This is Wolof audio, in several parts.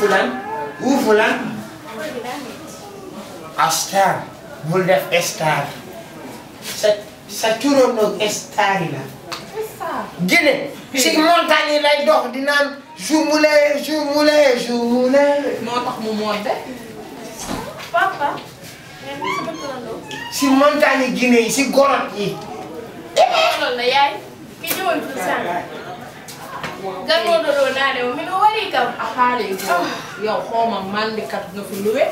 fulaan wu fulaan astar bul def star sa sa turandoog star yi la gëne si montagne yi lay dox di naan jumule jumule jumule moo tax mu monte papa si montagne yi Guinée yi si gorot yi eh, loolu la yaay ki ñëwoon gannoo doon naa ne mi ngi wari kam a xaalis ah. yow xooma mandikat nga fi luwe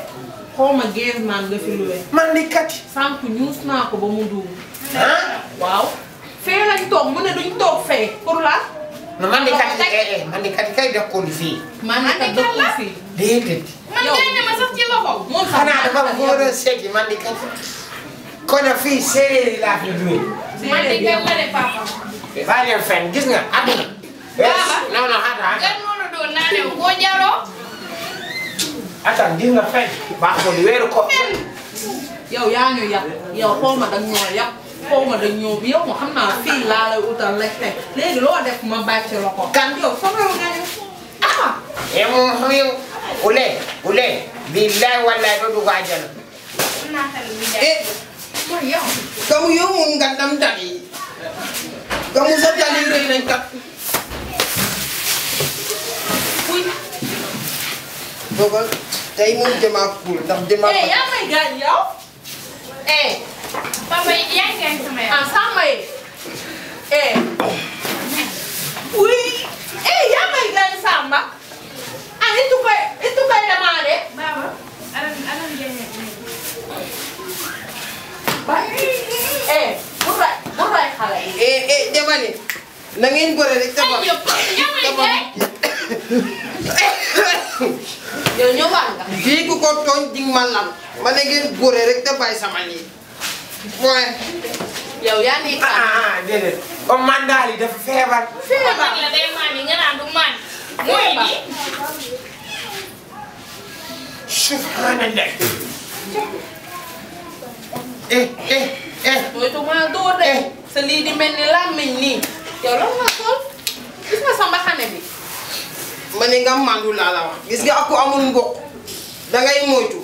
xooma gees maan nga fi luwe mandikat sànq ñuus naa ko ba mu duum waaw fee lañ toog mu ne duñ toog fee pour la mandikat yi eh, eh, mandikat yi kay dëkkul fii mandikat dëkkul fii déedéet yow ma sax ci loxo moom xanaa dafa góor a seeti mandikat kon a fii séeréer yi laa fi duwe mandikat la de papa baa leen fen gis nga àdduna Yes. No, no, hata hata. Kan no do na ne ko jaro. Ata ndinga fe ba ko ni wero ko. Yo ya nyo ya. Yo ko ma dan nyo ya. Ko ma dan nyo bi yo han na fi la la uta le fe. Le do lo de kuma ba che lo ko. Kan yo fo ro na ne. Ah. E mo hoyo. Ule, ule. Billahi wallahi do do gajal. Na ta mi da. Eh. Mo yo. Kamu yo mun gandam tadi. Kamu sa tadi dengan kat dogal tey moom Dema cool ndax Dema. eh yaa may gaañ yow. eh. papa yi sama yaay. ah sama yi. eh. oui. eh yaa may gaañ Samba. ah it koy it koy demandé. baba alam alam jëndee. ba. eh bu ray bu ray xale yi. eh eh na ngeen gore rek. tabax tabax yow ñëwaat nga. di ku ko tooñ di ma lan ma ne rek te sama nii point. yow ya, ya nii kan. ah ah déedéet man daal dafa feebar. feebar la day maan yi nga du ni. subhanallah. eh eh eh. mooy tu ma door de. sa di mel ni yow ya, sol ne nga mandu la la wax gis nga ku amul ngok da ngay moytu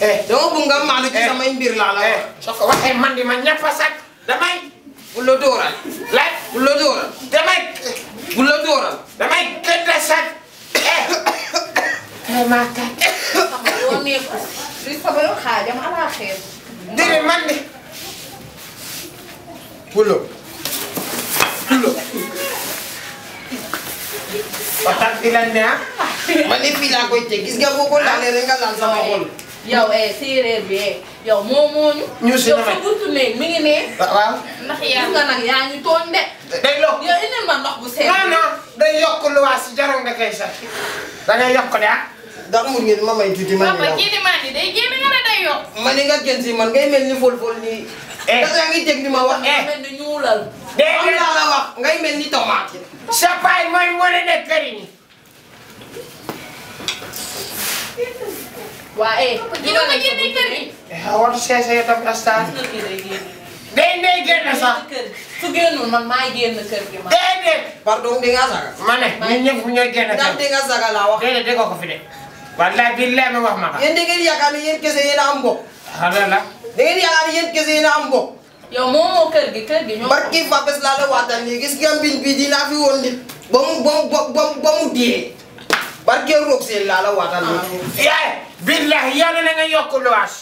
eh dama bu nga mandu ci eh, sama mbir la la wax eh, sokko waxe man di ma ñàpp sax damay bu lo dooral la bu lo dooral damay bu lo dooral damay gëdd sax eh ma ta kay maa kay xam nga li sabaru xaajam ala xeer dire man di waxtaan fi lan ne ah. man de fii laa koy teg gis nga eh, boo ko laalee rek nga laal sama xol. yow eh séeréer bi eh yow moo moo ñu. ñu si mi ngi ne. waaw ndax yaa nga yokk yow indil ma ndox yokk lu ah. ndax mu ngi ma may tuuti ma. papa ni nga ne si man ngay mel ni fol fol nii. eh da ngaa ma wax eh. ni ñuulal. déedéet am la wax ngay mel ni tomate. sa paay mooy wane ne këriñ. waa eh. ñu doon nañu ko bëgg a war seesee tam astaan. day day génn man maa génn kër gi ma. déedéet. pardon di nga saga. ne ñun ñëpp fi de. wallaay billaay ma wax ma ko. yéen da ngeen yaakaar ne yéen kese am bopp. xanaa la. da ngeen yaakaar ne yéen am bopp. yo moom moo kër gi kër gi ñoo. barki Fapes laa la waatal nii gis nga mbiñ bii dinaa fi woon nit ba mu ba mu ba barki Roog seen laa la waatal ah, nii. yaay billahi yow na nga yokk luwaas.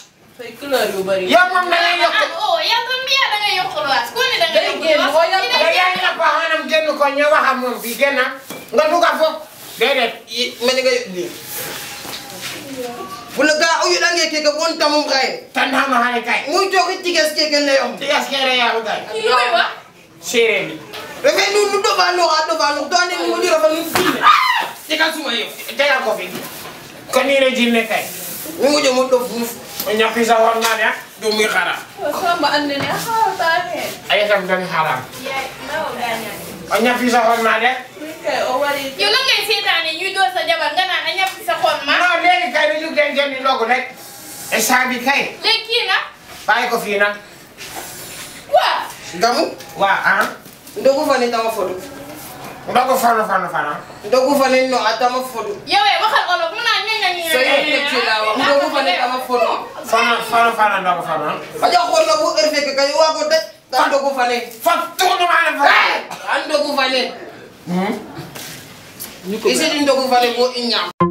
say couleur yu bëri. yow moom da ngay yokk ah oh yow comme yow da ngay yokk luwaas ku ne da ngay yokk yaay na ko xanam a foofu déedéet. ne nga kon tamum kay tanna ma hare kay mu jogi tigas ke ken leom tigas ke re yaru kay yoy wa sere ni nu nu do ba no ado ba no do ne mu dira ba nu fi e, te ka suma yo te ka ko re jinne kay mu jo mu do fu nya fi sa won na ne ah. do mi khara ko an ne ta ne ay dan ya no ya, ga nya fi sa won na ne yow la ngay seetaane ñuy door sa jabar ya nga naan a ñàpp instant bi kay. léegi kii na. bàyyi ko fii na. waaw. Gamou. waaw ah. ndogu fa ni dama fodu. ndogu fana fana fana. ndogu fa ni no a dama fodu. yow eh waxal olof mun naa ñëw ñëw ñëw. sooy yëkkati ci laa wax ndogu fa ni dama fodu. fana fana fana ndogu fana. ma jox ko ndogu heure fekk kay waa ko daj. fa ndogu fa ni. fa tuuti maa ne fa. fa ndogu fa hmm? ni. ñu ko bëri. gisee di ndogu fa ni boo i ñaam.